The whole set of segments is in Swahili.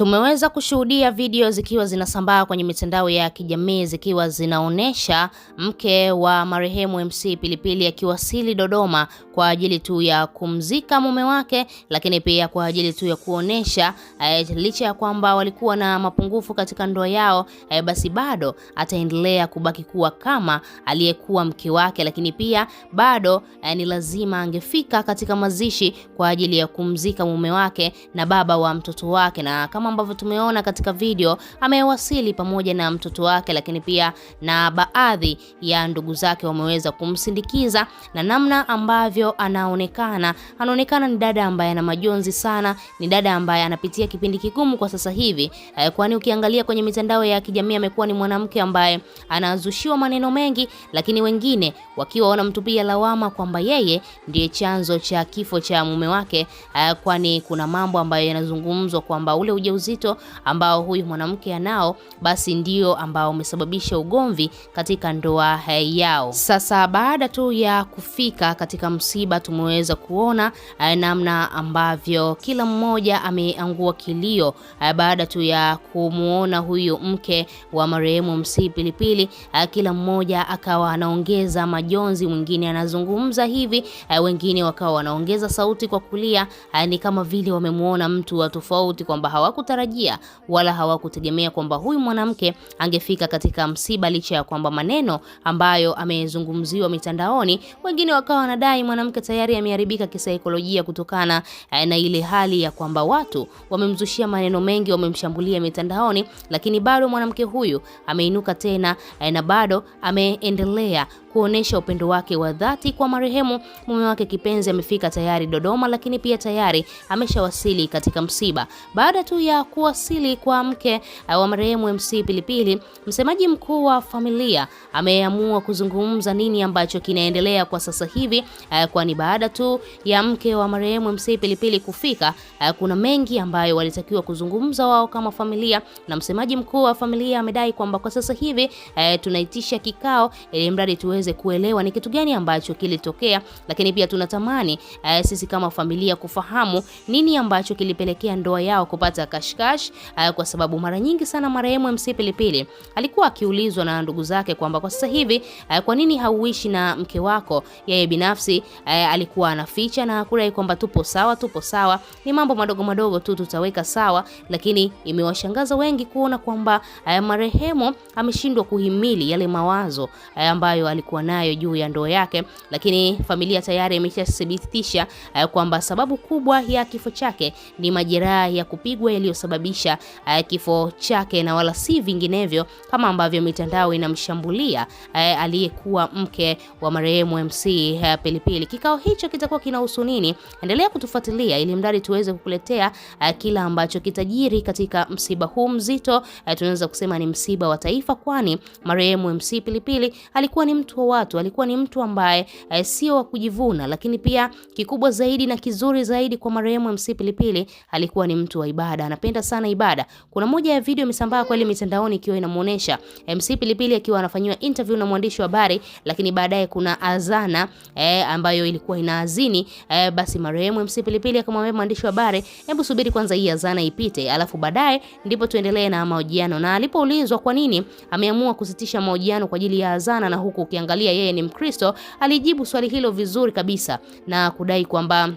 Tumeweza kushuhudia video zikiwa zinasambaa kwenye mitandao ya kijamii zikiwa zinaonyesha mke wa marehemu MC Pilipili akiwasili Dodoma kwa ajili tu ya kumzika mume wake, lakini pia kwa ajili tu ya kuonesha eh, licha ya kwamba walikuwa na mapungufu katika ndoa yao eh, basi bado ataendelea kubaki kuwa kama aliyekuwa mke wake, lakini pia bado eh, ni lazima angefika katika mazishi kwa ajili ya kumzika mume wake na baba wa mtoto wake na kama ambavyo tumeona katika video amewasili pamoja na mtoto wake, lakini pia na baadhi ya ndugu zake wameweza kumsindikiza na namna ambavyo anaonekana, anaonekana ni dada ambaye ana majonzi sana, ni dada ambaye anapitia kipindi kigumu kwa sasa hivi, eh, kwani ukiangalia kwenye mitandao ya kijamii amekuwa ni mwanamke ambaye anazushiwa maneno mengi, lakini wengine wakiwa wanamtupia lawama kwamba yeye ndiye chanzo cha kifo cha mume wake, eh, kwani kuna mambo ambayo yanazungumzwa kwamba ule uja ujauzito ambao huyu mwanamke anao, basi ndio ambao umesababisha ugomvi katika ndoa yao. Sasa baada tu ya kufika katika msiba, tumeweza kuona eh, namna ambavyo kila mmoja ameangua kilio eh, baada tu ya kumwona huyu mke wa marehemu MC Pilipili, eh, kila mmoja akawa anaongeza majonzi, mwingine anazungumza hivi, wengine wakawa wanaongeza sauti kwa kulia, ni kama vile wamemwona mtu wa tofauti kwamba hawaku hawakutarajia wala hawakutegemea kwamba huyu mwanamke angefika katika msiba, licha ya kwamba maneno ambayo amezungumziwa mitandaoni, wengine wakawa wanadai mwanamke tayari ameharibika kisaikolojia kutokana eh, na ile hali ya kwamba watu wamemzushia maneno mengi, wamemshambulia mitandaoni, lakini bado mwanamke huyu ameinuka tena eh, na bado ameendelea kuonesha upendo wake wa dhati kwa marehemu mume wake kipenzi. Amefika tayari Dodoma, lakini pia tayari ameshawasili katika msiba baada tu pia kuwasili kwa mke wa marehemu MC Pilipili, msemaji mkuu wa familia ameamua kuzungumza nini ambacho kinaendelea kwa sasa hivi, eh, kwani baada tu ya mke wa marehemu MC Pilipili kufika, eh, kuna mengi ambayo walitakiwa kuzungumza wao kama familia, na msemaji mkuu wa familia amedai kwamba kwa sasa hivi eh, tunaitisha kikao ili mradi tuweze kuelewa ni kitu gani ambacho kilitokea, lakini pia tunatamani sisi kama familia kufahamu nini ambacho kilipelekea ndoa yao kupata kashikash eh, kwa sababu mara nyingi sana marehemu MC Pilipili alikuwa akiulizwa na ndugu zake kwamba kwa sasa hivi eh, kwa nini hauishi na mke wako? Yeye binafsi eh, alikuwa anaficha na kudai kwamba tupo sawa, tupo sawa, ni mambo madogo madogo tu tutaweka sawa, lakini imewashangaza wengi kuona kwamba marehemu ameshindwa kuhimili yale mawazo ambayo alikuwa nayo juu ya ndoa yake, lakini familia tayari imeshathibitisha kwamba sababu kubwa ya kifo chake ni majeraha ya kupigwa yaliyo yaliyosababisha eh, kifo chake na wala si vinginevyo kama ambavyo mitandao inamshambulia eh, aliyekuwa mke wa marehemu MC eh, Pilipili. Kikao hicho kitakuwa kinahusu nini? Endelea kutufuatilia ili mradi tuweze kukuletea kila ambacho kitajiri katika msiba huu mzito. Tunaweza kusema ni msiba wa taifa, kwani marehemu MC Pilipili alikuwa ni mtu wa watu, alikuwa ni mtu ambaye sio wa kujivuna, lakini pia kikubwa zaidi na kizuri zaidi kwa marehemu MC Pilipili alikuwa ni mtu wa ibada. na anapenda sana ibada. Kuna moja ya video imesambaa kweli mitandaoni ikiwa inamuonesha MC Pilipili akiwa anafanywa interview na mwandishi wa habari, lakini baadaye kuna azana eh, ambayo ilikuwa inaazini eh, basi marehemu MC Pilipili akamwambia mwandishi wa habari, hebu subiri kwanza hii azana ipite, alafu baadaye ndipo tuendelee na mahojiano. Na alipoulizwa kwa nini ameamua kusitisha mahojiano kwa ajili ya azana, na huku ukiangalia yeye ni Mkristo, alijibu swali hilo vizuri kabisa na kudai kwamba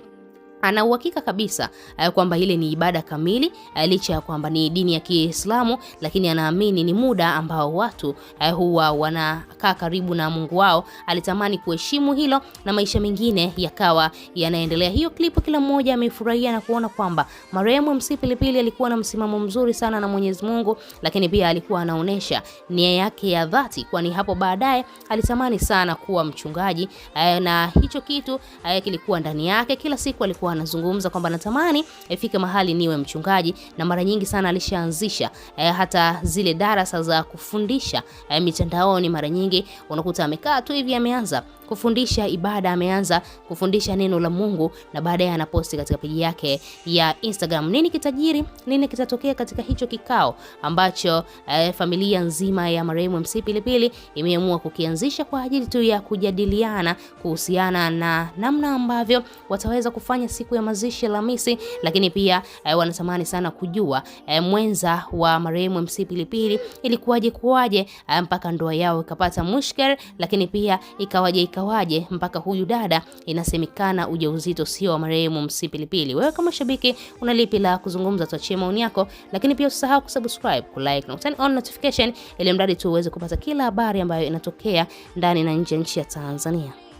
ana uhakika kabisa eh, kwamba ile ni ibada kamili, eh, licha ya kwamba ni dini ya Kiislamu, lakini anaamini ni muda ambao watu eh, huwa wanakaa karibu na Mungu wao. Alitamani kuheshimu hilo na maisha mengine yakawa yanaendelea. Hiyo klipu kila mmoja amefurahia na kuona kwamba marehemu MC Pilipili alikuwa na msimamo mzuri sana na Mwenyezi Mungu, lakini pia alikuwa anaonesha nia yake ya dhati, kwani hapo baadaye alitamani sana kuwa mchungaji na hicho kitu kilikuwa ndani yake. Kila siku alikuwa anazungumza kwamba anatamani ifike eh, mahali niwe mchungaji, na mara nyingi sana alishaanzisha e, hata zile darasa za kufundisha e, mitandaoni. Mara nyingi unakuta amekaa tu hivi ameanza kufundisha ibada, ameanza kufundisha neno la Mungu na baadaye anaposti katika peji yake ya Instagram. Nini kitajiri? Nini kitatokea katika hicho kikao ambacho eh, familia nzima ya marehemu MC Pilipili imeamua kukianzisha kwa ajili tu ya kujadiliana kuhusiana na namna ambavyo wataweza kufanya siku ya mazishi Alhamisi, lakini pia eh, wanatamani sana kujua eh, mwenza wa marehemu MC Pilipili ilikuwaje kuwaje eh, mpaka ndoa yao ikapata mushkil, lakini pia ikawaje ikawaje mpaka huyu dada inasemekana ujauzito sio wa marehemu msi Pilipili. Wewe kama shabiki una lipi la kuzungumza? Tuachie maoni yako, lakini pia usisahau kusubscribe, kulike na turn on notification ili mradi tu uweze kupata kila habari ambayo inatokea ndani na nje ya nchi ya Tanzania.